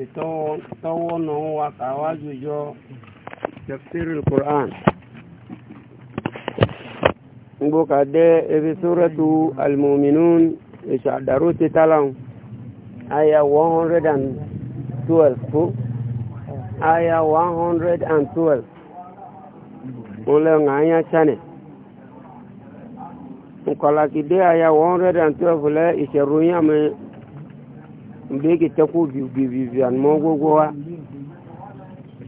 ìtọ́wọ́ náà wà káwájú yọ tafsirul Qur'an ngboka dé ebi suratu al-mu'minun ìṣàdàrú ti tálàn aya one hundred and twelve kú aya one hundred and twelve ń lẹ́ ń àyà chani lẹ́ ìṣẹ̀rù yàmẹ́ mbeki taku bibibyan mogogo wa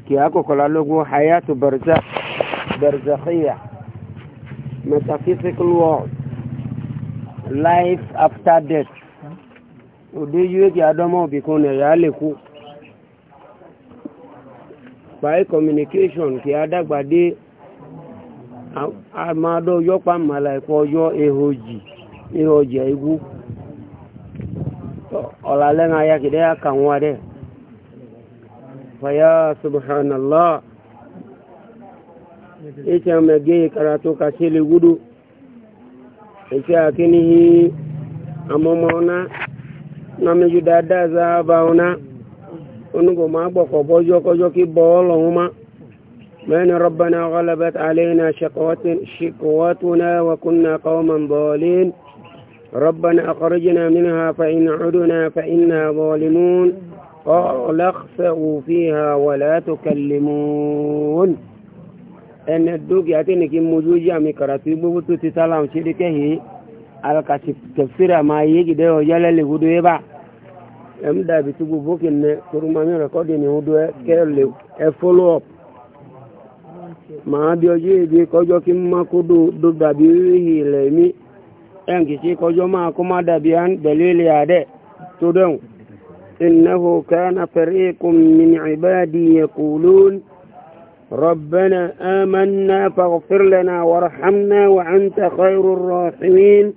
ki ako kola logo hayatu barza barzakhiya metaphysical world life after death odeju eki adomo bikun ya leku by communication ki adagbade amado yopa mala ipo yo ehoji ehoji igu ọ̀la lẹ́nu ayákidẹ́ àkàwọn adé fàyà subhanallah ìtẹ́ mẹ́gẹ́ ìkaratu kàṣẹ́lẹ̀ wúdú ìṣe àkíníhì àmọ́mọ́ná námẹ́jú dáadáa záàbà ọ̀nà onígbò máa gbọ̀kọ̀ bọ́jọ́ kọjọ́ kí bọ́ ọlọ́run má mẹ́ni rọ́bàná ọ̀gọ́lẹ́bẹ̀t àlẹ́yìn àṣekọ̀wọ́túnà wàkúnnà kọ́ọ̀mọ̀ bọ́ọ̀lẹ́yìn ربنا أخرجنا منها فإن عدنا فإنا ظالمون قال اخسأوا فيها ولا تكلمون أن الدوكي أتنك مجوجة مكراتي بوتو تسلام شركه alaka tafsira ma yegi de o yalale hudu eba em da bi tugu bokin ne turuma mi recording ni hudu e kele e follow up ma bi oje bi kojo kin ma kudu do da bi hile mi yankisi kojo ma kuma da biyan dalili ya de to don innahu kana fariqun min ibadi yaqulun ربنا آمنا فاغفر لنا وارحمنا وأنت خير الراحمين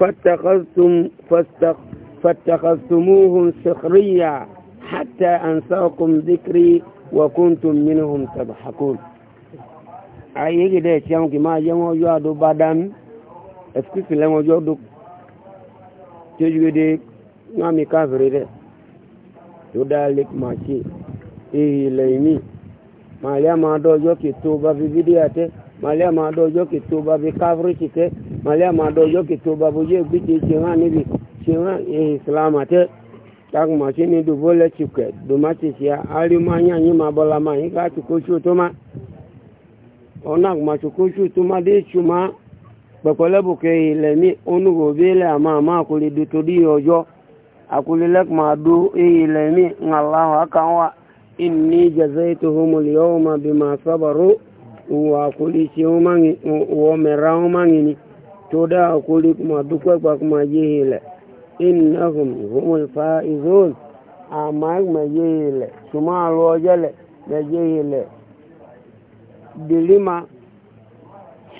فاتخذتم فاستخ فاتخذتموهم سخريا حتى أنساكم ذكري وكنتم منهم تضحكون أي كده يوم كما يوم يوادو بدن ẹ̀sìkìsì lẹ́wọ̀n ọjọ́ dó tí ó yúgede náà mi káàfìrí rẹ̀ tó dá lake machi èyí ilẹ̀ ìmí màálíà máa dọ́ ọjọ́ kìtó bá fi fídíò àtẹ́ màálíà máa dọ́ ọjọ́ kìtó bá fi káàfìrí ṣìtẹ́ màálíà máa dọ́ ọjọ́ kìtó bá fojú ẹgbẹ́jẹ ṣe hàn níbi ṣe hàn èyí islam àtẹ́ eh? táàkù machi ní dùbó lẹ́tìkẹ̀ dùmátìsì àárímọ̀ ayé àyè máa bọ́lá máa yín káàtì kóṣù tó má ọ̀nà àgùmàṣù kóṣù tó má dé kpɛkɔlɛbukɛ lɛmi onugo bi lɛ ama ama akuli dutori ɔjɔ akuli lɛkuma do eyi lɛmi ŋalahu aka wa inni jazaituhum alyawma bima sabaru wa akuli si woma ŋi wɔ mɛra woma ŋi ni to da akuli kuma dukpɛkpa kuma yehi lɛ innahum humul faizun ama kuma yehi lɛ suma alu ɔjɛ lɛ mɛ yehi lɛ delima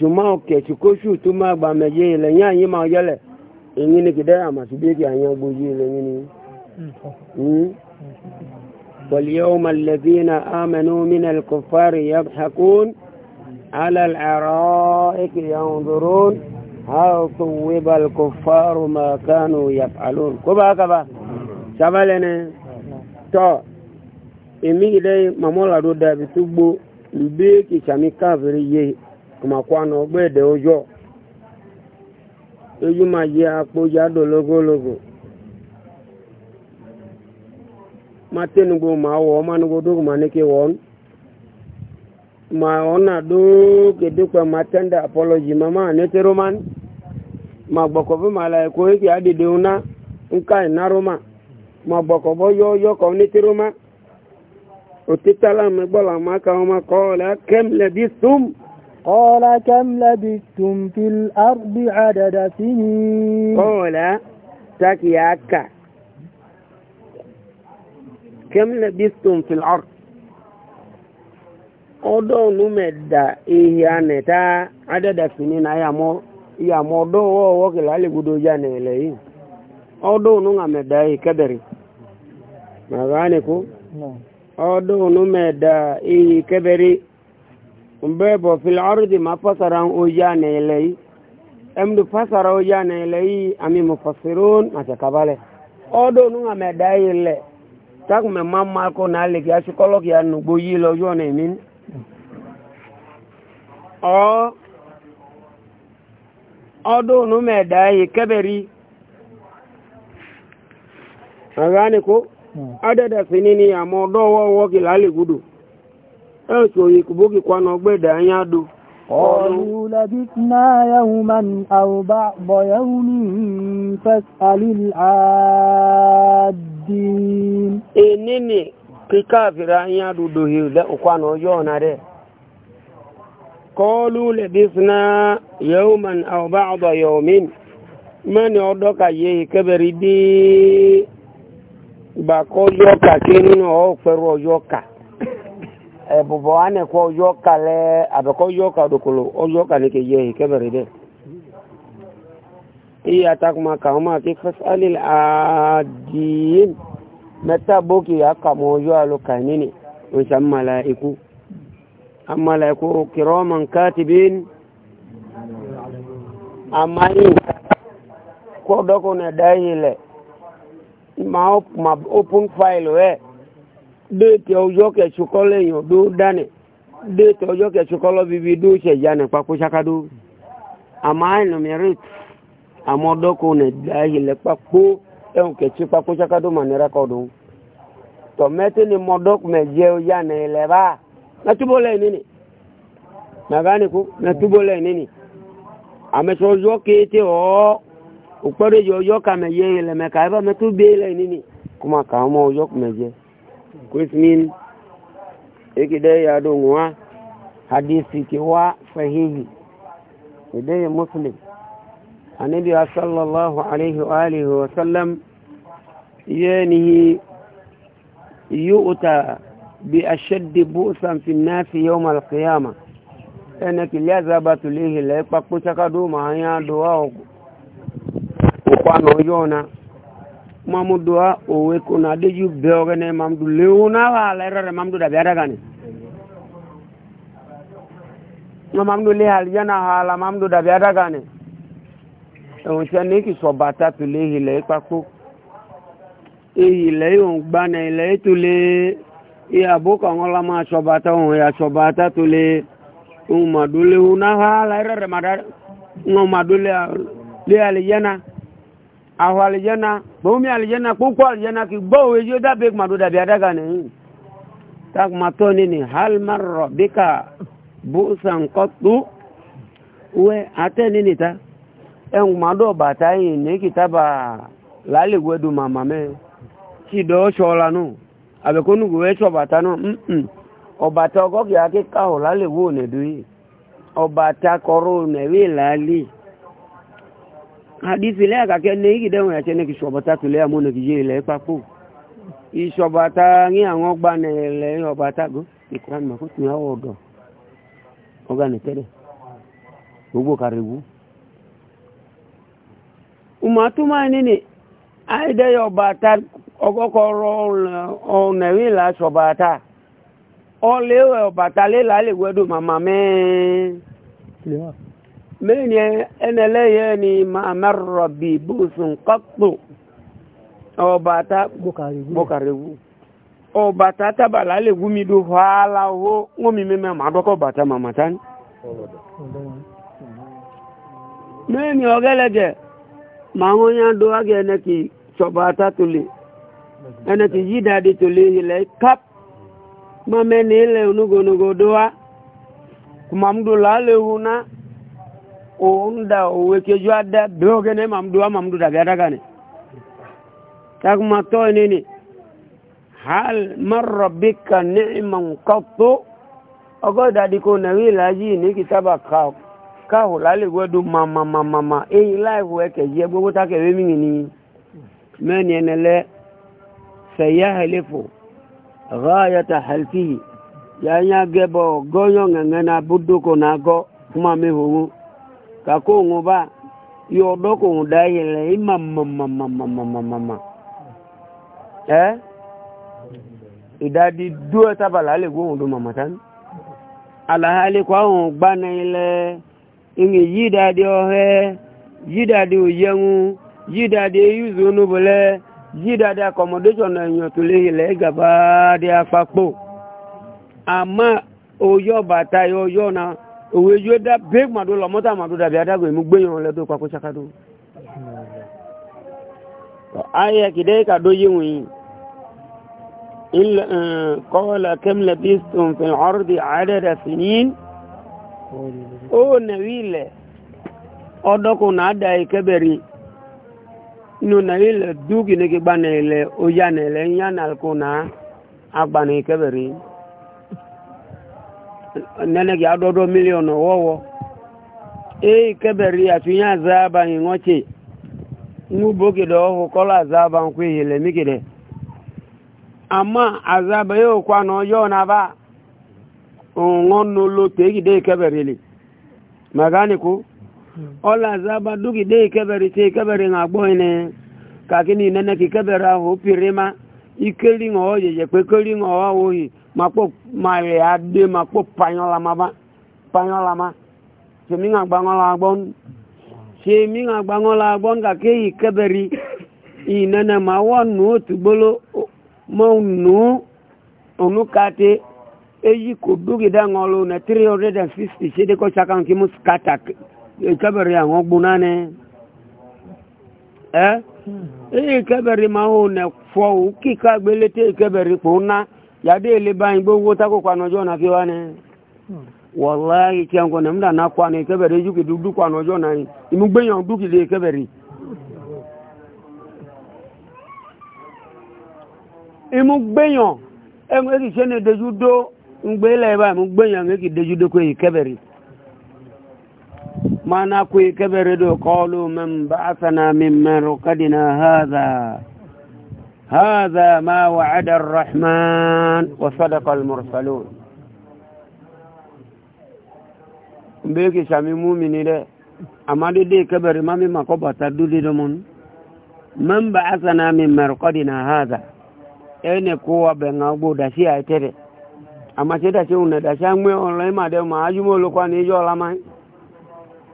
tuma kẹtù kóṣù tó máa gbà mẹjẹ ilẹ̀ yẹn àyín máa yẹlẹ̀ èyí ni kìdẹ́ àmàtí bíkì àyàn gbójú ilẹ̀ yẹn ni. واليوم الذين آمنوا من الكفار يضحكون على الأرائك ينظرون هل طوب الكفار ما كانوا يفعلون كبا كبا شبالنا تو إمي إلي ممولا رودا بتبو بيكي شامي كافر يهي kumakwano gbede ojo eyi ma ye akpo jado logologo ma tenugo ma wo ma nugo dogo ma neke won ma ona do kedu kwa ma tenda apology ma ma nete roman ma gboko bi ma lai ko eki adi de una nka ina e roma ma gboko bo yo yo ko nete roma otitala me bola ma ka ma ko la kem le bisum قال كم لبثتم في الأرض عدد سنين قال تكياك كم لبثتم في الأرض ọdọ́ onúmẹ̀dà ihe anẹ̀ta adẹ́dàfìní na ìyàmọ́ ọdọ́ ọwọ́ ọwọ́ kìlá alìgbòdó ya nẹ̀lẹ̀ yìí ọdọ́ onúmẹ̀dà ìkẹ́bẹ̀rẹ̀ màbáníkú ọdọ́ onúmẹ̀dà ìkẹ́bẹ̀rẹ̀ mbebo fil ardi mafasara ujane ilai emdu fasara ujane ilai ami mufassirun atakabale odo nunga medai ile tak me mamma ko na le ya psikolog hmm. ya nu boyi lo yone min o odo nu medai keberi agane ko adada sinini ya modo wo wo kilali gudu ẹ̀ṣù òye kùbókì kwanu ọgbẹ́dẹ̀ anya do. قالوا لبثنا يوما أو بعض يوم فاسأل العادين إنني kíkáàfìrà yá dúdú ilẹ̀ òkwànà ọjọ́ ọ̀nà rẹ̀ kọlu lẹ́bísná yẹ́wùmán àwọ̀bá ọ̀dọ̀ yọ̀mín mẹ́ni ọdọ́ kàyé kẹbẹ̀rí dé bàkọ́jọ́ kàkí nínú ọ̀pẹ̀rù ọjọ́ kà bɔbɔ ane kɔ yɔka lɛ abe kɔ yɔka dokolo ɔyɔka ne ke yɛ kɛbɛrɛ dɛ iye atakuma kama ke fasali adiyin mɛta boki ya kama ɔyɔ alo kanini nsa malaiku amalaiku kiraman katibin amayi kɔ dɔkɔ na dayi lɛ ma open file wɛ déètì ọjọ́ kẹsùkọ́ lẹ́yìn ló dánì déètì ọjọ́ kẹsùkọ́ lọ́bíbi ló ṣẹ̀yà ní papò ṣakadó àmọ́ àìnà mẹ́rìt àmọ́ ọdọ́kọ̀ ní ìdáyìlẹ̀ papò ẹ̀hùn kẹsù papò ṣakadó mà ní rẹ́kọ̀dù tọ̀mẹ́tì ni mọ́dọ́kùnmẹ̀ jẹ́ ọjà ní ilẹ̀ bá mẹ́túbọ̀ lẹ́yìn nínì mẹ́gáníkù mẹ́túbọ̀ lẹ́yìn nínì àmẹ́sọ ọjọ́ kéétì ọ́ òpẹ́rẹ́jọ ọjọ́ kàmẹ̀yẹ ilẹ̀ mẹ́ka ẹ kusmin ikidai ya donwa hadisi kiwa sahihi idai muslim annabi sallallahu alaihi wa alihi wa sallam yanihi yu'ta bi ashaddi bu'san fi an-nas yawm al-qiyamah ẹnẹ̀kì ilé àzábàtò lè hìlẹ̀ pápó sákàdó màá yá dọ́wà ọ̀pọ̀ àná yọ́ọ̀nà mamudu a owe kuna deju beogene mamudu leuna wa lerere mamudu da biara gani no mamudu le aljana hala mamudu da biara gani ehun se ni ki so bata tu le ile papo e ile on gba ile tu le e aboka won la ma so bata on ya so bata tu le un madule una hala lerere madar no madule le aljana àwọn àlìjẹ́nà gbóhùnmí àlìjẹ́nà púpọ̀ àlìjẹ́nà kì gbóhùn èyí ó dábé màdó dàbí adága nìyí takmató ni ni halmarọ̀ bíkà bùsànkọ́tù wẹ́ atẹ́ ní nìta ẹ̀hùn màdó bàtà yìí ní kìtàbà lálẹ́gbẹ́dù màmá mẹ́ kìdọ̀ ṣọ́ọ́la nù àbẹ̀kọ́nùgbò ẹ̀ ṣọ́ bàtà nù ọ̀bàtà ọgọ́kì akẹ́kọ̀ọ́ lálẹ́wọ́ ònẹ̀dù yìí ọ̀bàtà kọ́rọ́ ònẹ̀wé làálẹ́ yìí hadisi lẹ́yà kàkẹ́ ní ìgì dẹ́wọ̀n ẹ̀ṣẹ́ ní kì ṣọ̀bọ̀tá tó lẹ́yà múnà kì yé ilẹ̀ pápó ìṣọ̀bọ̀tá ní àwọn ọgbà nẹ̀lẹ̀ ọba tágó ìkùrán mọ̀ fún ìyàwó ọ̀dọ̀ ọgá nìtẹ́lẹ̀ gbogbo kàrìwú. ùmọ̀ tó máa ní ni àìdẹ́yọ̀ bàtà ọgọ́kọ̀ọ̀rọ̀ ọ̀nẹ̀wé là ṣọ̀bọ̀tá ọ̀lẹ́wẹ̀ ọ̀bàtà lé làálẹ̀ wẹ́dùn mẹ́rin ẹni ẹlẹ́yẹ ni máa mẹ́rọ̀ bí bóòsùn kọ́pù ọbàtà bọ́kàrẹ̀wù ọbàtà tábàlà lè wú mi dó hàálà owó wọ́n mi mẹ́mẹ́ máa dọ́kọ̀ bàtà màmàtà ní mẹ́rin ọgẹ́lẹ́gẹ̀ máa wọ́n yá dó wágẹ̀ ẹni kì sọ̀bàtà tó lè ẹni kì yí ilẹ̀ káp mọ́mẹ́ni ilẹ̀ onugonogo dó wá kùmàmúdò làálẹ̀ wù náà òun da òwe kejú adá bẹ́ẹ̀ òkè ní màmúdú wa màmúdú dàbí adága ni takuma tọ́ ẹni ni hal marọ̀ bí ka ní ìmọ̀ nǹkan tó ọgọ́ ìdádì kò nàrí ìlàjì ní kìtàbà káwò lálẹ́ gbọ́dọ̀ mamamamama èyí láìwò ẹ̀kẹ̀ yẹ gbogbo tákẹ̀wé mi ni mẹ́ni ẹni lẹ́ fẹ̀yà ẹlẹ́fọ̀ ráyàtà hàlfì yáyà gẹ́bọ̀ gọ́yọ̀ ngẹ̀ngẹ́ na búdókò náà gọ́ fún mami hòhùn kako ŋun ba yóò dɔ ko ŋun da yɛlɛ i ma ma ma ma ma ma ma ma ma ɛ ìdádì dúró tábàlà lè alahali ɔhɛ accommodation ɛyàn tó lè ɛ gàba di akpakpo oyɔ yɔ yɔ òwe yóò dá bẹ́ẹ̀ màdó lọ mọ́tà màdó dàbí adágò ìmú gbéyàn lẹ́dọ̀ pàkó ṣakadó ayé kìdẹ́ ìkàdó yéwòn yìí kọ́ọ̀lá kẹ́mlẹ̀ bí sọ̀nfẹ̀ ọ̀rọ̀dì àádẹ́dà sí ní ó nàwí ilẹ̀ ọdọ́kùn náà dá inú nàwí ilẹ̀ dúkìníkì gbanà ilẹ̀ ó yánà ilẹ̀ ń yánà kùnà agbanà nene gị adọdọ milion ọwọwọ ee kebere ya tụnye aza abaghị nwọchi nwubogide ọhụ kọla aza aba nkwa ihele migide ama aza abaghị okwa na ọjọọ na aba ọṅụ n'ụlọ tegide keberele maganiku ọla aza aba dugide kebere te kebere na agbọghị ne kakini nene ki kebere ahụ pirima ma ikeli ngo yeje pe keli ngo wa wo yi mapo mare ade mapo panyola mama panyola ma se mi nga gbangola agbon se mi nga gbangola agbon ka ke yi keberi inana ma wonu tugbolo mo nu onu kate eyi ko dugi da ngolo na 350 se de ko chakan ki muskata e keberi àwọn gbunane eh eyi kẹbẹrẹ ma wo nẹ fọ o kíkà gbélé tẹ kẹbẹrẹ kò ná yàdé ilé báyìí gbogbo tako kwanọjọ náà fi wá ní wàláyé kí ẹnkọ nẹ múdà náà kọ àná kẹbẹrẹ yúkì dúdú kwanọjọ náà yìí ìmúgbéyàn dúkìlé kẹbẹrẹ. ìmúgbéyàn ẹ̀ ń kì í ṣe ní dejú dó ń gbélé báyìí ìmúgbéyàn ń kì í dejú dó kó yìí kẹbẹrẹ mana kuyi kaberedo kọlu man ba'athana min marqadina hadha hadha ma wa'ada ar-rahman wa sadaqa al-mursalun mbe ki sami mumini de amade de kabere mami makobata dudi do mun man ba'athana min marqadina hadha ene kuwa be ngagbo da si aitere ama se da se una da de ma ajumo lokwa ni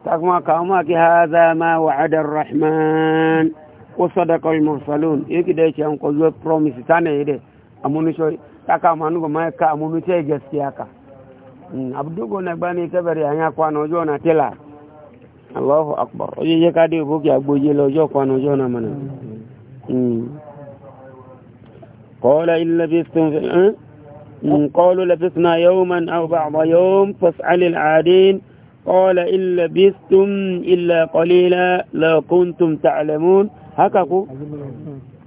takuma kawma ki hadha ma wa'ada ar-rahman wa sadaqa al-mursalun yiki de ci an ko yo promise tane de amunu shoy taka manu go mai ka amunu ce gaskiya ka abdu go na bani kabari anya kwano jo na tela allahu akbar oye ye ka de go ki agboje lojo kwano jo na mana قال إن لبثتم في قالوا لبثنا يوما أو بعض يوم فاسأل العادين قال إن لبثتم إلا قليلا لو كنتم تعلمون هكذا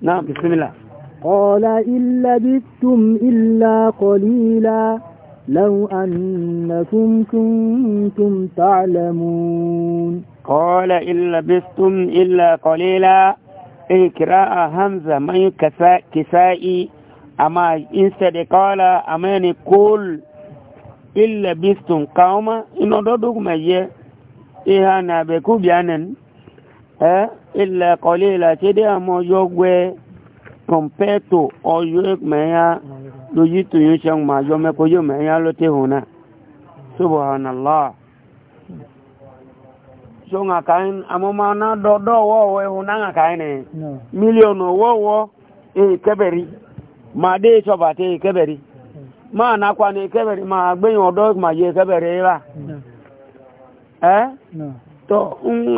نعم بسم الله قال إن لبثتم إلا قليلا لو أنكم كنتم تعلمون قال إن لبثتم إلا قليلا إن كراء همزة من كسائي أما إنسد قال أماني قل illa bistum kauma ino doduk maye iha na be kubianen eh illa qalila chede amo yogwe compared to oyo meya lo yitu yun chang ma yo me ko yo meya lo te subhanallah so nga kain amo mana dodo wo we nga kain million wo wo e keberi ma de so ba te keberi máa nakwa ní kẹbẹ̀rẹ̀ máa gbẹ̀yìn ọ̀dọ́ máa yẹ kẹbẹ̀rẹ̀ yìí rà ẹ́ tọ́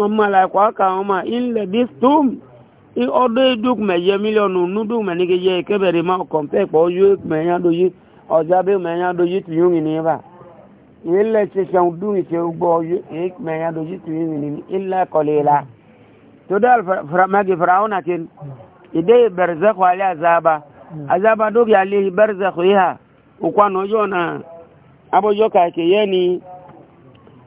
ọmọ làkọ́ ká ọmọ ilẹ̀ bí stum ọdọ́ ìdúk mẹ̀yẹ mílíọ̀nù núdúk mẹ̀ eh? ní kí yẹ kẹbẹ̀rẹ̀ máa kọ̀m̀pẹ́ pọ̀ yóò mẹ̀yà doyí ọ̀dọ́ abẹ́ mẹ̀yà doyí tì yóò yìí rà ilẹ̀ ṣẹṣẹun dún ìṣe gbọ́ yóò yìí ilẹ̀ kọ̀lẹ̀ la tó dá magi faraona kin azaba azaba dókè alẹ́ ìbẹ̀rẹ̀ zẹ́kọ̀ yìí ukwano yona abo joka kiyeni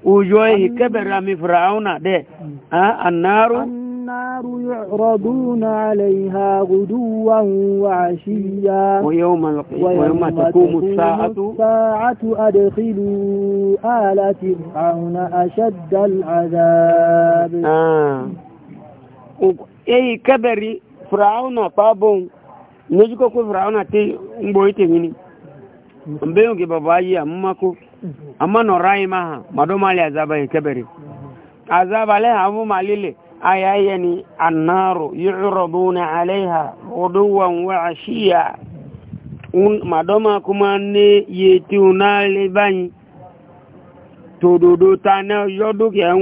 ujoi kebera mi farauna de ha annaru النار يعرضون عليها غدوا وعشيا ويوم, ويوم تقوم الساعة, الساعة أدخلوا آل فرعون أشد العذاب آه. أي كبري فرعون بابون نجيكو فرعون تي مبويتي مني mbe oge baba yi amumako amma nọrọ anyị ma ha mmadụ kebere. azaba ha bụ malile aya ihe ni annaru yu'raduna alaiha ghuduwan wa ashiya mmadụ kuma ne yeti unali banyi tododo ta na ọjọ́ dúkìá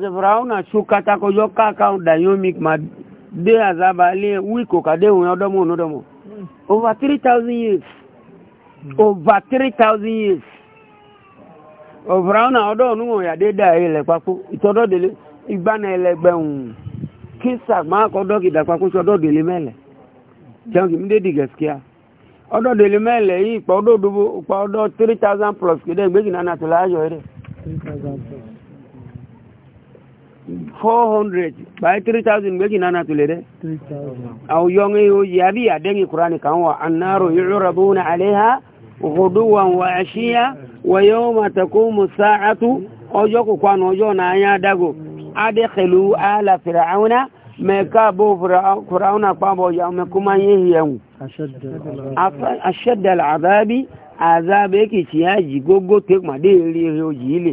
wọn na-achụ katakọ dé àzába ilé wíkò kàdé òun ọdọ́mù onódọ́mù over three thousand years hmm. over three thousand years ọ̀bùráùnà ọdọ́ ònúwọ̀n yàdé dà ilẹ̀ papọ̀ ìtọ́dọ́dẹ̀lé ìgbàna ẹlẹgbẹ̀hùn kí sàmáàkọ́ dọ́kìdà papọ̀ ìtọ́dọ́dẹ̀lé mẹ́lẹ̀ jẹun kì í dédì gẹ̀ẹ́sìkíà ọdọ́dẹ̀lé mẹ́lẹ̀ yìí ìpọ̀ ọdọ́ three thousand plus kìdẹ́ ìgbéjìnà nàtìláyọ̀ rẹ̀. three thousand plus. 400 by 3000 méjì náà tó lè dẹ́ àwọn yọ́n yóò yàbí àdẹ́gì kùránì kan wà annáró yóò na àléhà òhùdúwàn wà àṣíyá wà yóò mọ̀tàkó musáàtú ọjọ́ kò kwanu ọjọ́ náà yá dágò adẹ́kẹ̀lú àlà fìràáwùnà mẹ́ka bó fìràáwùnà pàbọ̀ yà mẹ́kúmá yéhi ẹ̀wù aṣẹ́dàlá àzábí àzábí kìí ṣe yá jì gógó tẹ́kùmá dé rí rí òjì ilé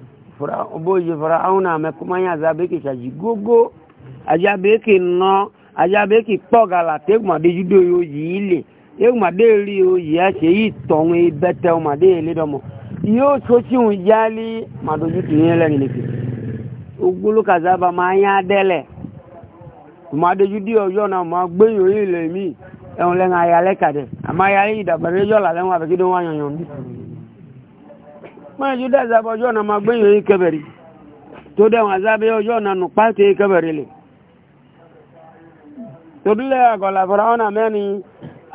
bóyí faraun àmẹ́ kó máa yá àzábẹ́kì ṣàjì gógó àjábẹ́kì ná àjábẹ́kì pọ̀gàlà tẹ́gbọ̀mọdé júdó oyè ilẹ̀ tẹ́gbọ̀mọdé rí ile ẹ̀ṣẹ̀ yìí tọ̀hún ibẹ̀tẹ̀ ọmọdé ìlédọ́mọ̀ yóò sọ́síhun yálí màdójú tìyẹn lẹ́yìn lẹ́kì ogolo kazaba máa ma dẹ́lẹ̀ mi máa ju dáa zábọ̀ ọjọ́ ọ̀nà máa gbẹ́yìn oyin kẹbẹ̀rì tó dẹ̀wọ̀n àzábẹ́ ọjọ́ ọ̀nà nù pàtẹ́ kẹbẹ̀rì lè tòdúlẹ̀ àgọ̀là fọ́ra ọ̀nà mẹ́rin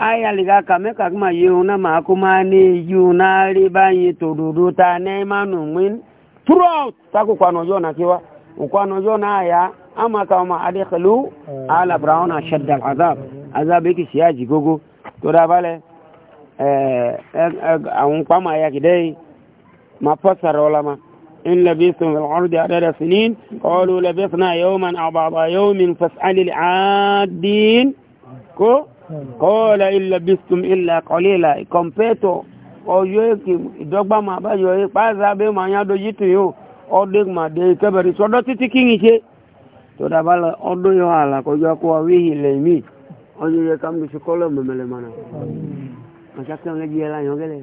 ayàlìkà kàmẹ́kà kí máa yé òun náà máa kó máa ní iyú náà rí báyìí tòdòdó ta ní mánu mín throughout takùkọ àná ọjọ́ ọ̀nà kíwá òkú àná ọjọ́ náà yá á máa ka ọmọ adékèlú alàbùrà ọ̀nà ṣẹ̀dá azab azab kì í ṣe àwọn pàmò ayakìdẹ́yìí ما فسر علماء إن لبثتم في الأرض عدد سنين قالوا لبثنا يوما أو بعض يوم فاسأل العادين كو قال إن لبثتم إلا قليلا كمبيتو ọjọ́ èkì ìdọ́gba máa bá yọ pàṣẹ abẹ́ máa yá dojú tì yóò ọdún máa dé kẹbẹ̀rẹ̀ sọdọ́ títí kí n ṣe tó dábà lọ ọdún yọ àlàkọjọ kó wa wíhì lẹ́yìn mí ọjọ́ yẹ ká mi fi kọ́lọ̀ mọ̀mẹ́lẹ̀ mọ̀nà ọ̀ṣà kẹ́hìn lẹ́jì yẹ láyàn gẹ́lẹ́.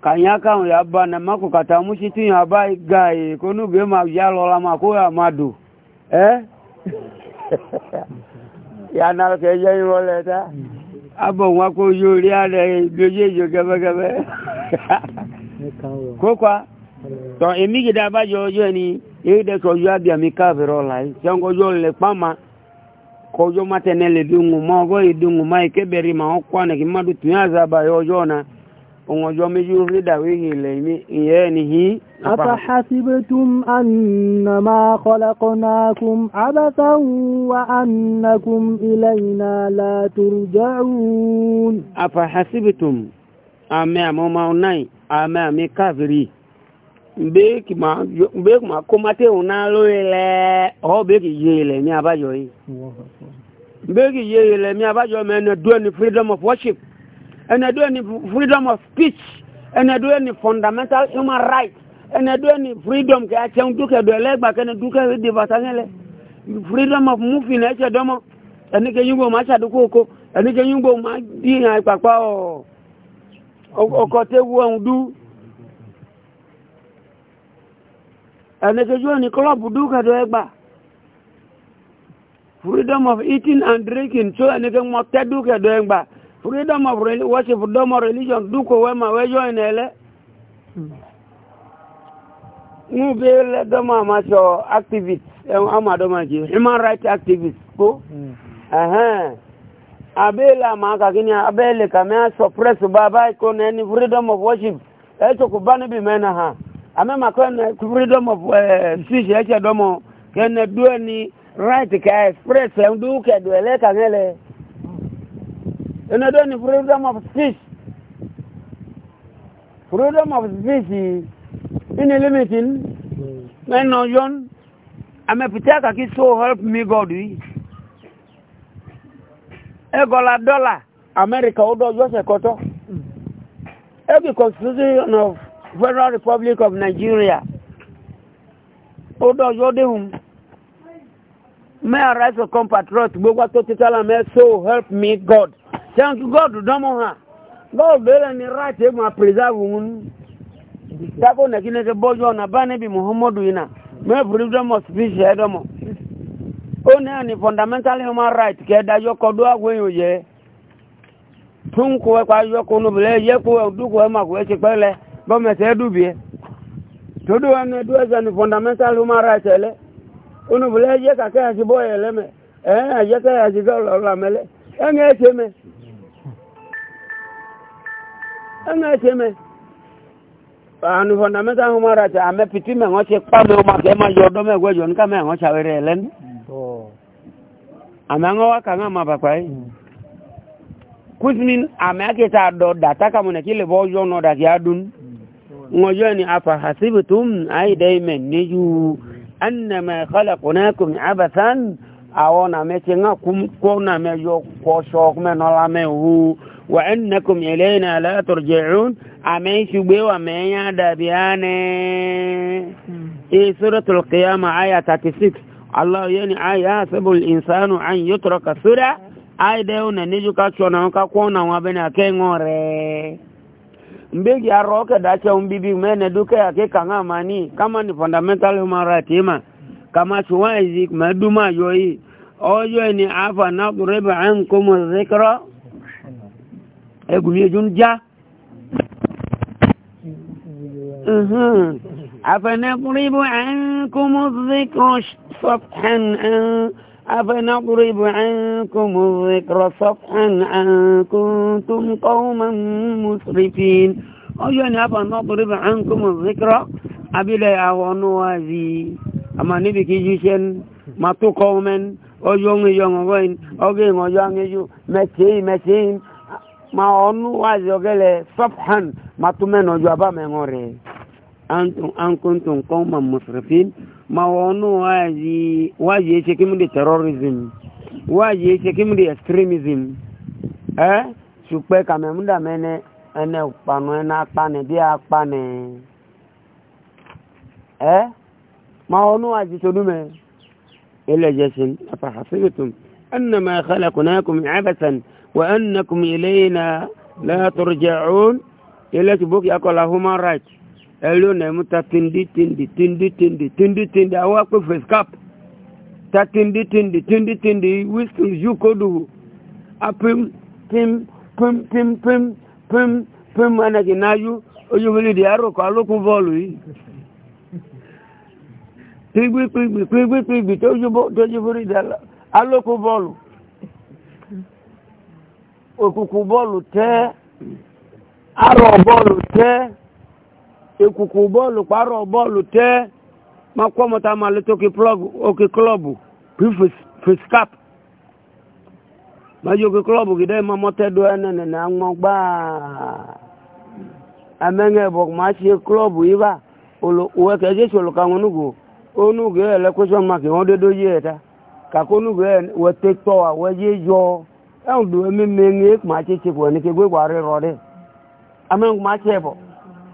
kanyaka ya ba na mako katamushi tu ya ba gai konu be ma ya lola ma ko ya madu eh ya na ke ye role ta abo wa ko yori ale gbeje jo gebe gebe ko kwa to emi gida ba jo jo ni e de ko yo abia mi ka vero lai jango jo le pama ko jo matene le dungu mo go idungu e mai e keberi ma okwa ne kimadu tuyaza ba yo jona ọjọ́ méjì ó rí dàwé ilẹ̀ ìmí ìyẹ́ ni hí afahasibtum annama khalaqnakum abathan wa annakum ilayna la turja'un afahasibtum àmì àmọ́mà ọ̀náì àmì àmì káfìrí bẹ́ẹ̀kì ma kó máté òun náà lórí ilẹ̀ ọ́ bẹ́ẹ̀kì yé ilẹ̀ ní abájọ́ yìí freedom of worship ɛnɛdo ni freedom of speech ɛnɛdo ni fundamental human right ɛnɛdo ni freedom kɛ atsɛn dukɛ do ɛlɛ gba kɛnɛ dukɛ di bata ŋɛ lɛ freedom of moving ɛtsɛ dɔmɔ ɛnike yingbo ma atsadu koko ɛnike yingbo ma di hàn kpakpa ɔ ɔkɔte wu ɔn e du ɛnike yingbo ni klɔb dukɛ do ɛgba freedom of eating and drinking tso ɛnike ŋmɔ tɛ dukɛ do ɛgba freedom of religion, worship, freedom of religion, duko wema wejo inele. Mu be le doma macho activists, em eh, ama doma ji human rights activists ko. Hmm. Eh eh. Abela maka kini abele kama suppress baba ko ni freedom of worship. Eto kubani bi mena ha. Ame makona freedom of eh, speech eche domo ken dueni right ka express em eh, duke duele kanele. Another one is freedom of speech. Freedom of speech in a limiting. I know I'm a pitaka ki so help me God. Egola dollar. America odo a quarter. Every constitution of Federal Republic of Nigeria. Odo Jodehun. May I rise a compatriot. Gbogbo to tell lámẹ́ so help me God thank god domo ha god bele ni right e ma preserve un tako na kine ke bojo na bane bi muhammadu ina me freedom of speech e domo o ne ni fundamental human right ke da yo ko do agwe yo ye tun ko kwa yo ko no bele ye ko du ko ma ko e se pele bo me se du bi to do an do as an fundamental human right ele onu bele ye ka ka ji boye le me eh ye ka ya ji ga lo la mele en e se me ẹ̀ngẹ́ ẹ̀ṣẹ́ mẹ́ àánú fọ̀nà mẹ́ta ń mọ́ra ṣe àmẹ́ pìtì mẹ́ wọ́n ṣe pàmẹ́ ọmọ àti ẹ̀ma yọ ọdọ́ mẹ́gbẹ́ yọ ní kámẹ́ wọ́n ṣàwẹ́rẹ́ ẹ̀lẹ́nu àmẹ́ ń wá kàmẹ́ ọmọ àpàpà yìí kùsùnì àmẹ́ àkẹta àdọ̀ dàtà kàmùnẹ̀ kí lè bọ́ yọ ọ̀nà ọ̀dà kí á dún ẹni àfàhàsíbìtùm àìdẹ́ ìmẹ̀ níjú annama khalaqnakum abathan àwọn àmẹ́ ṣe ń kọ́ nàmẹ́ yọ kọ́ ṣọ́ mẹ́nọ́lámẹ́ wú وأنكم إلينا لا ترجعون أمي شبي ومي دبيان إيه سورة القيامة آية 36 الله يعني آية سب الإنسان عن يترك سورة آية ديونا نجوكا شوناوكا كونا وابنا كينوري mbegi aroke dacha umbibi mene duke yake kanga mani kama ni fundamental human right ima kama chuwaizi maduma yoi oyo ni afa nadribu ankum dhikra ẹgùn yẹjú ń já afẹnẹkùnrin bó ẹ ń kó mọ́ sí kan sọ́kàn أفنضرب عنكم الذكر صفحا أن كنتم قوما مسرفين أجن أفنضرب عنكم الذكر أبلا أهون وازي أما نبي كيجيشن ما تو قوما أجن يوم وين أجن أجن يجو مسيح مسيح ma onu wazogele sabhan matumeno jaba mengore antum ankuntum qauman musrifin ma onu wazi wazi yake kimde terrorism wazi yake kimde extremism eh supe kame munda mene ene upanu ena apane di apane eh ma onu wazi todume ile jesin afa hasibitum annama khalaqnakum abathan وأنكم إلينا لا ترجعون إلا تبوك يقول هما راج قالوا نموت تندي تندي تندي تندي تندي تندي أواكو في سكاب تندي تندي تندي تندي ويسكم جوكودو أبم pim pim pim pim pim pim ana kinayu oyubili di aro ko pigbi pigbi pigbi pigbi to yubo to yubiri dala aloku bolu okuku bọ́ọ̀lù tẹ́ arọ̀ bọ́ọ̀lù tẹ́ ekuku bọ́ọ̀lù parọ̀ bọ́ọ̀lù tẹ́ ma kọ́ mọ́ta ma lẹ́tọ́ kí oke klọ́bù kí fèsì cap ma jẹ́ oke klọ́bù kì dẹ́yìn ma mọ́tẹ́ dọ́ ẹ́ nẹ́nẹ́ nẹ́ ń mọ́ gbáà amẹ́ngẹ́ bọ̀ ma ṣe klọ́bù yìí bá wọ́n kẹ́ ẹ́ ṣe olùk ẹ̀hùn dùn ẹ̀mí mẹ́rin ẹ̀kùn máa ṣe ṣe pọ̀ ní kégbé wà rí rọ̀ dẹ́ amẹ́hùn máa ṣe ẹ̀bọ̀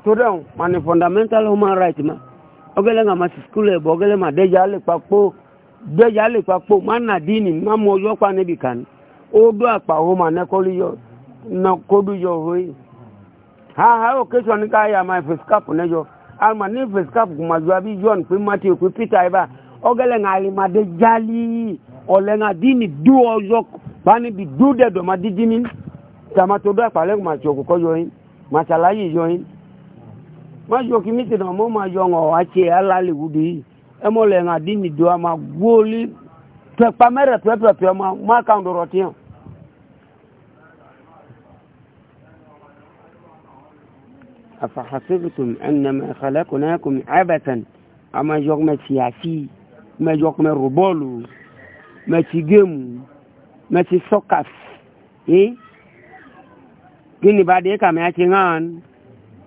tó dẹ̀hùn mà ní fundamental human right ma ọgẹ́lẹ́ nga máa sì skúlẹ̀ ẹ̀bọ̀ ọgẹ́lẹ́ mà dẹ́jà lè papò dẹ́jà lè papò má nà dínì má mú ọjọ́ pa níbi kàní ó dọ́ àpà ó mà nẹ́kọ́lú yọ kódú yọ òwe ha ha ó kéṣọ ní ká yà máa face cap nẹ́jọ àmà ní face cap kò máa ju àbí john pé matthew pé peter ibà ọgẹ́lẹ́ nga àlè má ọ̀lẹ́ nga dínì dú ọjọ́ bani bi dude do ma didimi tama to do pa le ma jo ko yo ma sala yi ma jo ki mi ti do mo ma yo ngo a che ala le wudi e mo le nga dini do ma goli te pa mere pe pe pe ma ma ka ndo rotin أفحسبتم أنما خلقناكم عبثا أما يوم سياسي ما يوم ربولو ما تجمو mɛti sɔkas e gini ba de kame ati ŋan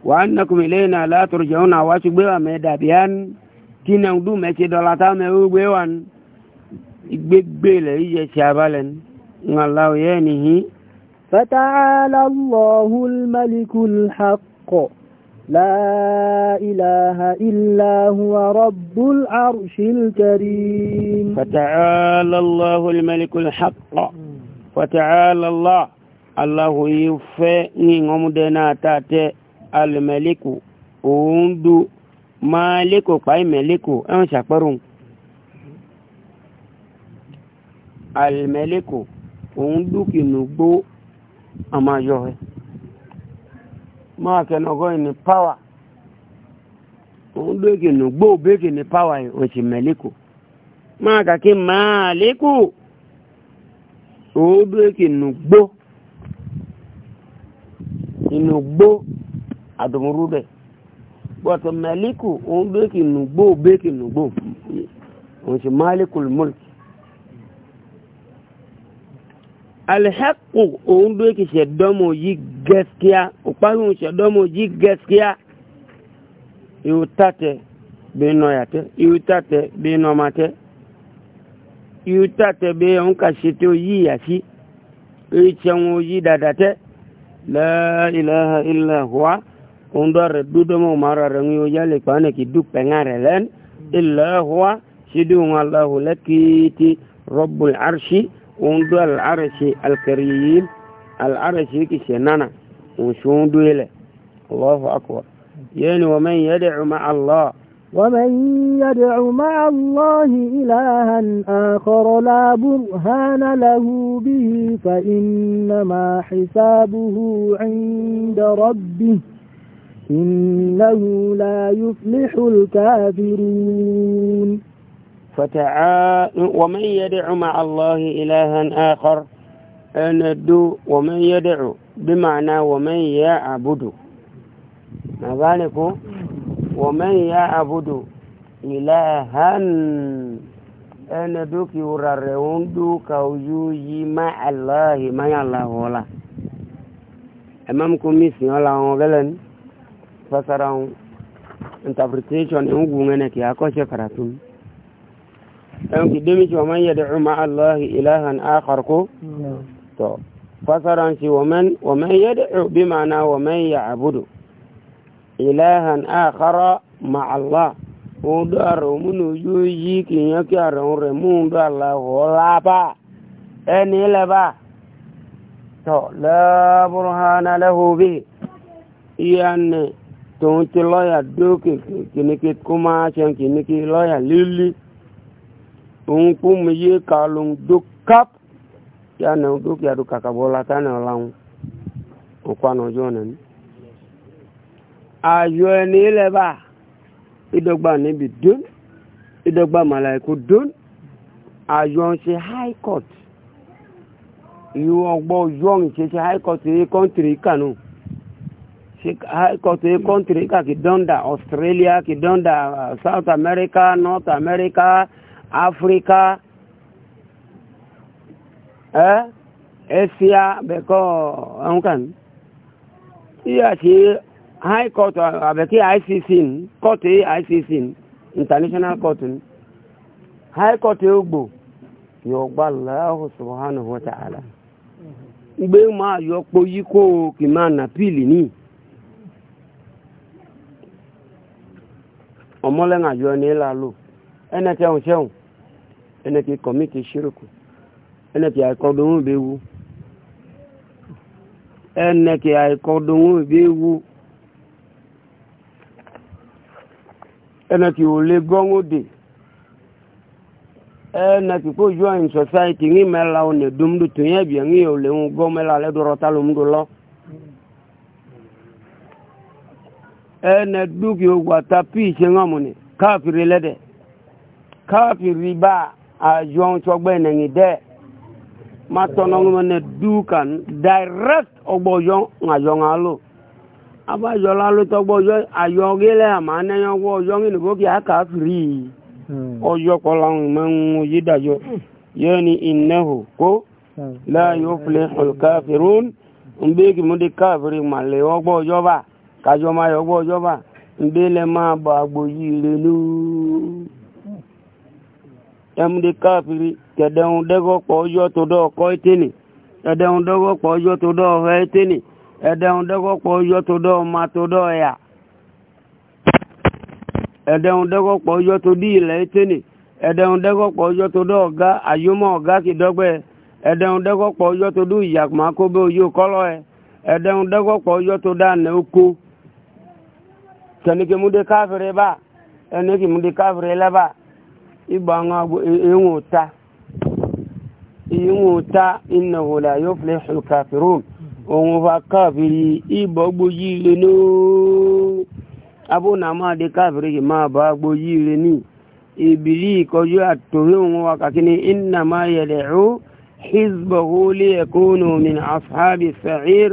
wa annakum ilayna la turjauna wa su gbe wa mɛ dabian tina du mɛti dɔlata mɛ o gbe wan gbegbe lɛ iyɛ si aba lɛ ŋa la o yɛ nihi. فتعالى الله الملك الحق لا إله إلا هو رب العرش الكريم فتعالى الله الملك الحق فتعالى الله الله يفي نغمدنا تاتي الملك وندو مالك باي ملك أنا شاكبرون الملك وندو كنوبو أما يوهي máa kẹnàgọ́ ìní power òun lóògì nù gbó bẹ́ẹ̀gì power yìí òun sì mẹ́líkù máa kàkí máa lékù òun lóògì nù gbó ìnù gbó àdùmúrú bẹ̀ bọ̀tọ̀ mẹ́líkù òun lóògì nù gbó bẹ́ẹ̀gì nù gbó òun alhaqqu òun dúró kì í ṣẹ̀dọ́mọ̀ yìí gẹ́skíá òpáhùn ṣẹ̀dọ́mọ̀ yìí gẹ́skíá ìwò tàtẹ̀ bẹ́ẹ̀ nọ yàtẹ̀ ìwò tàtẹ̀ bẹ́ẹ̀ nọ màtẹ̀ ìwò tàtẹ̀ bẹ́ẹ̀ òun kà ṣe tó yí yàtí èyí tiẹ̀wọ̀n yí dàdà tẹ́ la ilaha illa huwa òun dọ́ rẹ̀ dúdọ́mọ̀ màrà rẹ̀ ń yọ yálẹ̀ pàánẹ̀ kì í dú وندو العرش الكريم العرش كشنانا وشوندو له الله أكبر يعني ومن يدع مع الله ومن يدع مع الله إلها آخر لا برهان له به فإنما حسابه عند ربه إنه لا يفلح الكافرون فتعا ومن يدع مع الله إلها آخر أندو ومن يدع بمعنى ومن يعبد ما ذلك ومن يعبد إلها أندو كيورارون دو كوجوي مع الله ما الله ولا أمامكم مثل الله وغلن فسرهم interpretation ń gùn ẹnẹ kì í akọ́ṣẹ́ karatun ɗan ki dumi ci wa man yad'u ma'a Allah ilahan akhar ko to fasaran ci wa man wa man yad'u bi ma'ana wa man ya'budu ilahan akhar ma'a Allah o do aro munu yu yi ki yan ki aro re mu do Allah ho la ba ẹni le ba to la burhana lahu bi iyan to ti lawyer do ki kiniki kuma chen kiniki òun kú mi yé ka ló ń dó káp yá nà ń dó kí adó kàkà bọ́ la tá nà láwọn òkú àná ọjọ́ nà ní. àjọ ẹni ilẹ̀ bá ìdọ́gba níbi dún ìdọ́gba high court ìwọ ọgbọ́ yọ̀ ń ṣe high court ní kọ́ńtìrì kànú high court e country kà e ki dọ́ndà australia ki dọ́ndà uh, south america north america. africa eh asia beko ankan eh, iya ti high court abeki eh, icc court eh, icc international court high court ogbo yọgbà lọ́wọ́ subhanahu wa ta'ala gbé máa yọpo yí kó kì ẹnẹ́kì kọ̀mítì ṣírùkù ẹnẹ́kì àìkọ́dọ̀hún ìbéwu ẹnẹ́kì àìkọ́dọ̀hún ìbéwu ẹnẹ́kì ò lè gbọ́n òde ẹnẹ́kì kó join society ní mẹ́la ọ̀nà dùmdù tó yẹ bìẹ́ ní ò lè ń gbọ́ mẹ́la lẹ́dọ̀rọ̀ tá ló ń dò lọ. ẹnẹ́ dúkìá wàtá píìsì ń hàn mọ́ ni káàfìrí lẹ́dẹ̀ káàfìrí báà. ajuang chogbe nengi de ma tonong mene dukan direct ogbojong ngajong alu aba yola lu togbojo ayogi le amane yong gbojong ni go kya ka free hmm. ojo kolong mengu ko hmm. la yuflihul kafirun mbeki kafiri ma mbele ma emri kapiri kededekpa ọjọọ todkpọ eteni ededekpa ọjọọ todo ha eteni ededekpa ọjọọ todo ma todo ya ededekpa ọjọọ todo ile eteni ededekpa ọjọọ todo ọga ayoma ọga kidogbe leba ìgbà àwọn ìwọ̀n ta ìwọ̀n ta iná wòlà yóò fi lẹ́sùn kàfírùn òun fa káàfìrí ìbọ̀ gbójí ilé ní abúnà máa dé káàfìrí yìí máa bá gbójí ilé ní ìbílí ìkọjú àtòrí òun wa kàkí ní iná máa yẹlẹ̀ ó hizbahu lè kóno min ashabi sa'ir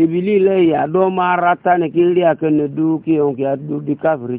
ìbílí lẹ́yìn àdó máa rátá ní kí rí akẹ́nu dúkìá òun kì í dúdú káàfìrí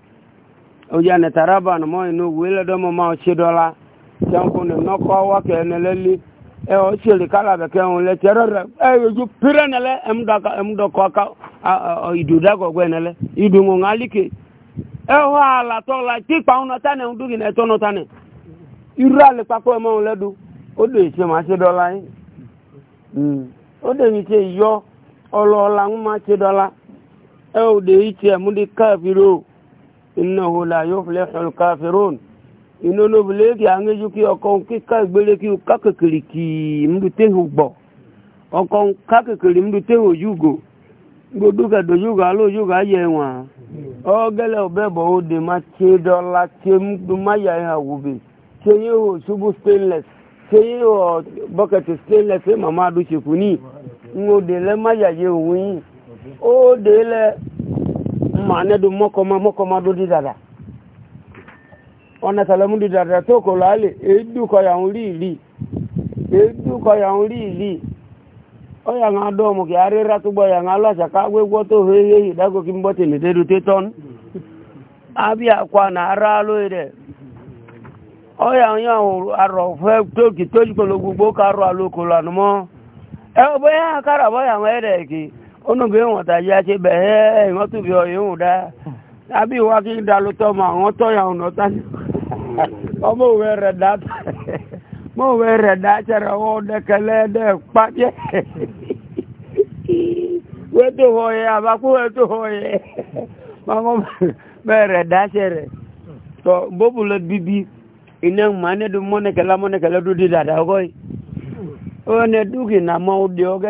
ojane taraba no moy no wele do mo ma o chi dola chan ko ne no ko wa ke ne le li e o chi li kala be ke on le tero re e ju pire ne le em da ka em do ko ka o idu da go gwe ne le idu ngo ngali ke e o ala to la ti pa ono ta ne ndu gi ne to no ta ne ira le pa ko e mo le du o de se ma chi dola yin eh. mm o de ni yo olo la chi dola e o de ti mu di ka biro إنه لا يفلح الكافرون inú ló fi léèkì àńgéjú kí ọkọ kíkà ìgbélé kí kákèkèrè kì í ń dùté gbọ ọkọ kákèkèrè ń dùté hù yúgò gbódú kẹdọ yúgò aló yúgò ayẹ wọn ọgẹlẹ ọbẹ bọ ó de ma tse dọla tse mú má stainless stainless de ma ne do moko ma moko ma do di dada ona kala mu dada to ko lale edu ko ya un ri edu ko ya un ri ri ya nga do mo ki are ra tu bo ya nga la sa ka we wo to he he da ko kim bo te ni de du te ton abi akwa na ara lo ire o ya yan o aro fe to ki to ko lo gbo ka ro aloko lanu mo e boya kara boya mo ere ki onubi wọn ta ya ṣe bẹ ẹ ìwọn tún fi ọyọ òun dá tàbí ìwà kí n dalu tọ ma àwọn tọyà ọ̀nà tani ọmọ òwe rẹ dá mọ òwe rẹ dá ṣẹlẹ ọwọ dẹkẹlẹ dẹ pàjẹ wẹtò họ yẹ àbákú wẹtò họ yẹ mọ mẹ rẹ dá ṣẹlẹ tọ bóbú lọ bíbí iná mọ anẹdu mọnẹkẹlẹ mọnẹkẹlẹ dúdú dàda ọgọ yìí ó ẹni dúkìá mọ òde ọgẹ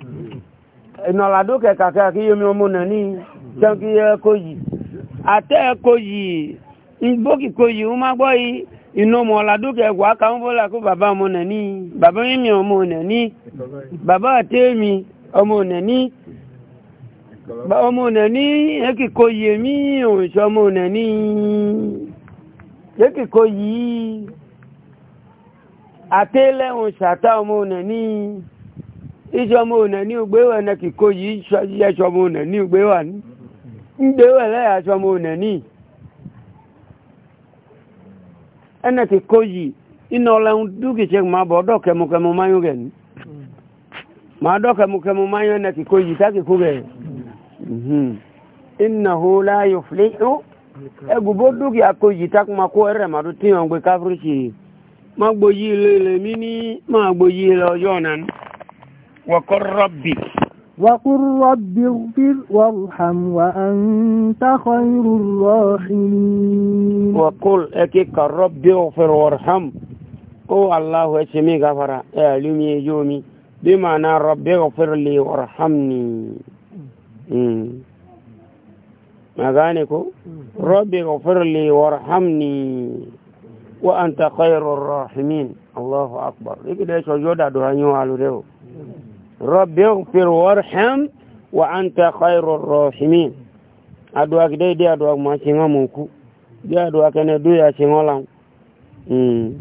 ìnàládó kẹkàkẹ kí yomi ọmọ nà ní tẹ́kí ẹkọ yìí àtẹ́ ẹkọ yìí ìgbókì kọ yìí ó má gbọ́ yìí iná ọmọ ọ̀làdó kẹkọ akáwọn bọ́lá kó bàbá ọmọ nà ní bàbá mímì ọmọ nà ní bàbá àtẹ́mi ọmọ nà ní ọmọ nà ní ẹkìkọ yìí mí òǹṣọ́ ọmọ nà ní ẹkìkọ yìí àtẹ́lẹ̀ òǹṣàtà ọmọ nà ní. ichọm onani ugbewe na kiko yi ya chọm onani ugbewa ni ngbewe la ya chọm onani ẹna kiko yi ina ọla dukiche ma bụ ọdọ kemukemu manyo gani ma ọdọ kemukemu manyo na kiko yi ta kiko gẹ mhm. inna hu la yuflihu egubo dukia ko yi ta kuma ko ẹrẹ ma e do tiyan gbe kafiri si ma gbo yi ile ile mi ma gbo yi ile ọjọ nani. وقل ربي وقل رب اغفر وارحم وأنت خير الراحمين وقل أكيك رب اغفر وارحم قو الله اسمي غفر أعلمي يجومي بمعنى رب اغفر لي وارحمني مغانيكو رب اغفر لي وارحمني وأنت خير الراحمين الله أكبر لكي ده يشو جودة دوهانيو على rabbi ighfir warham wa anta khairur rahimin adua gide di adua ma ci nga muku di adua kene du ya ci ngolam hmm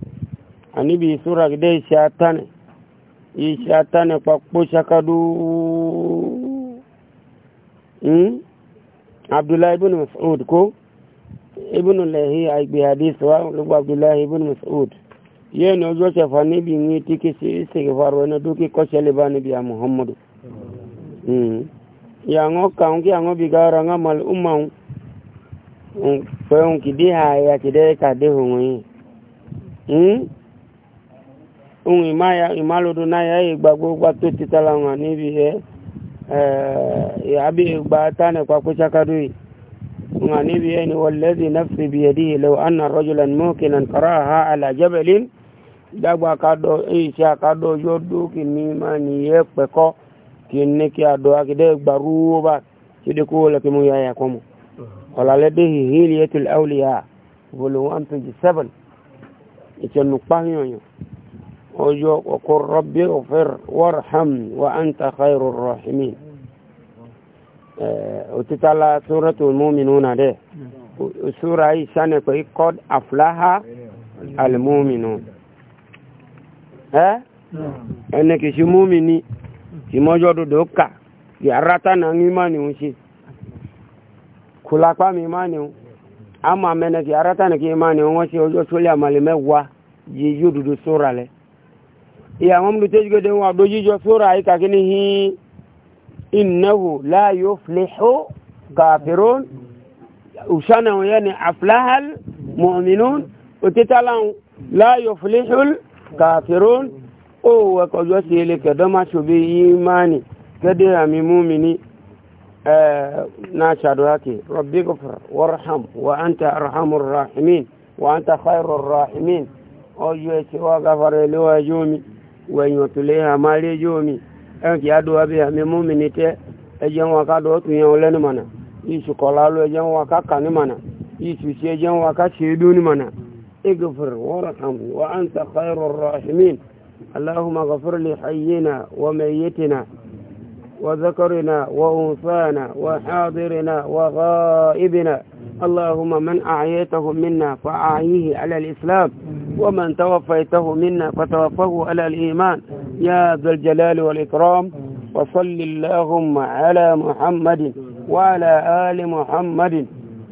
ani bi sura gide shatan i shatan pa po shakadu hmm abdullah ibn mas'ud ko ibn lahi ay bi hadith wa abdullah ibn mas'ud yẹn ọjọ́ ṣẹfà níbi ìwé tí kí sí ìṣèkèfàrọ ẹni dókè kọ́ṣẹ́lẹ̀ bá níbi àmọ́ muhammadu yàwọn kàún kí àwọn bí gára ń àmàlẹ̀ ọmọ pẹ̀hùn kì dé àyà kì dé kàdé òun yìí ohun ìmálodo náà yà ìgbà gbogbo tó ti tala wọn níbi ẹ àbí ìgbà tánà pàkó ṣakadó yìí wọn níbi ẹni wọlẹ́dì náà fi bìyẹ̀dì anna rọ́jùlá mọ́kìnà kọ́ra ha àlàjẹ́bẹ̀lín dagba kado eisha eh, kado yodu kini mani ye peko kini ki ado akide gbaru ba kide ko la kimu ya ya komo wala lede hiliyatul awliya volume 127 ite nu pahiyo ojo qur rabbi ighfir warham wa anta khairur rahimin eh utitala suratul mu'minuna de hmm. sura yi sane ko qad aflaha al mu'minun ẹ́ ẹni kì í ṣe mú mi ní kà yàrá tánà ń má ni òun ṣe kùlápá mi má ni òun àmọ́ kì yàrá tánà kì í má ni òun wọ́n ṣe ọjọ́ tó lé àmàlẹ́ mẹ́wàá yìí yóò sóra lẹ̀ ìyá àwọn ọmọdé tẹ́jú gẹ́gẹ́ wọn àdójú jọ sóra yìí kàkí ni hín innahu la yuflihu kafirun kàfírún ó wẹ́kọjọ́ sí ilé kẹ̀dọ́mà ṣòbí ìmáni gẹ́dẹ́ àmì múmini na ṣàdọ́láti rọ̀bíkọ̀fà warham wa an ta arhamur rahimin wa an ta khairur rahimin ọjọ́ ẹ̀ṣẹ́ wa gáfàrẹ̀ lówà jómi wẹ̀yìn òtúlẹ̀ àmàlẹ́ jómi ẹnkì adọ́wà bí àmì múmini tẹ́ ẹjẹ́ wọn ká dọ́ọ̀tún yẹn lẹ́nu mọ̀nà ìṣùkọ̀lá lọ ẹjẹ́ wọn ká kà ní mọ̀nà ìṣùṣẹ́ ẹjẹ́ wọn ká ṣe é dún ní mọ̀nà اغفر وارحم وأنت خير الراحمين اللهم اغفر لحينا وميتنا وذكرنا وأنثانا وحاضرنا وغائبنا اللهم من أعيته منا فأعيه على الإسلام ومن توفيته منا فتوفه على الإيمان يا ذا الجلال والإكرام وصل اللهم على محمد وعلى آل محمد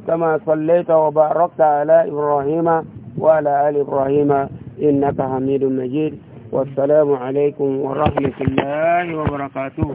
كما صليت وباركت على إبراهيم وعلى آل إبراهيم إنك حميد مجيد والسلام عليكم ورحمة الله وبركاته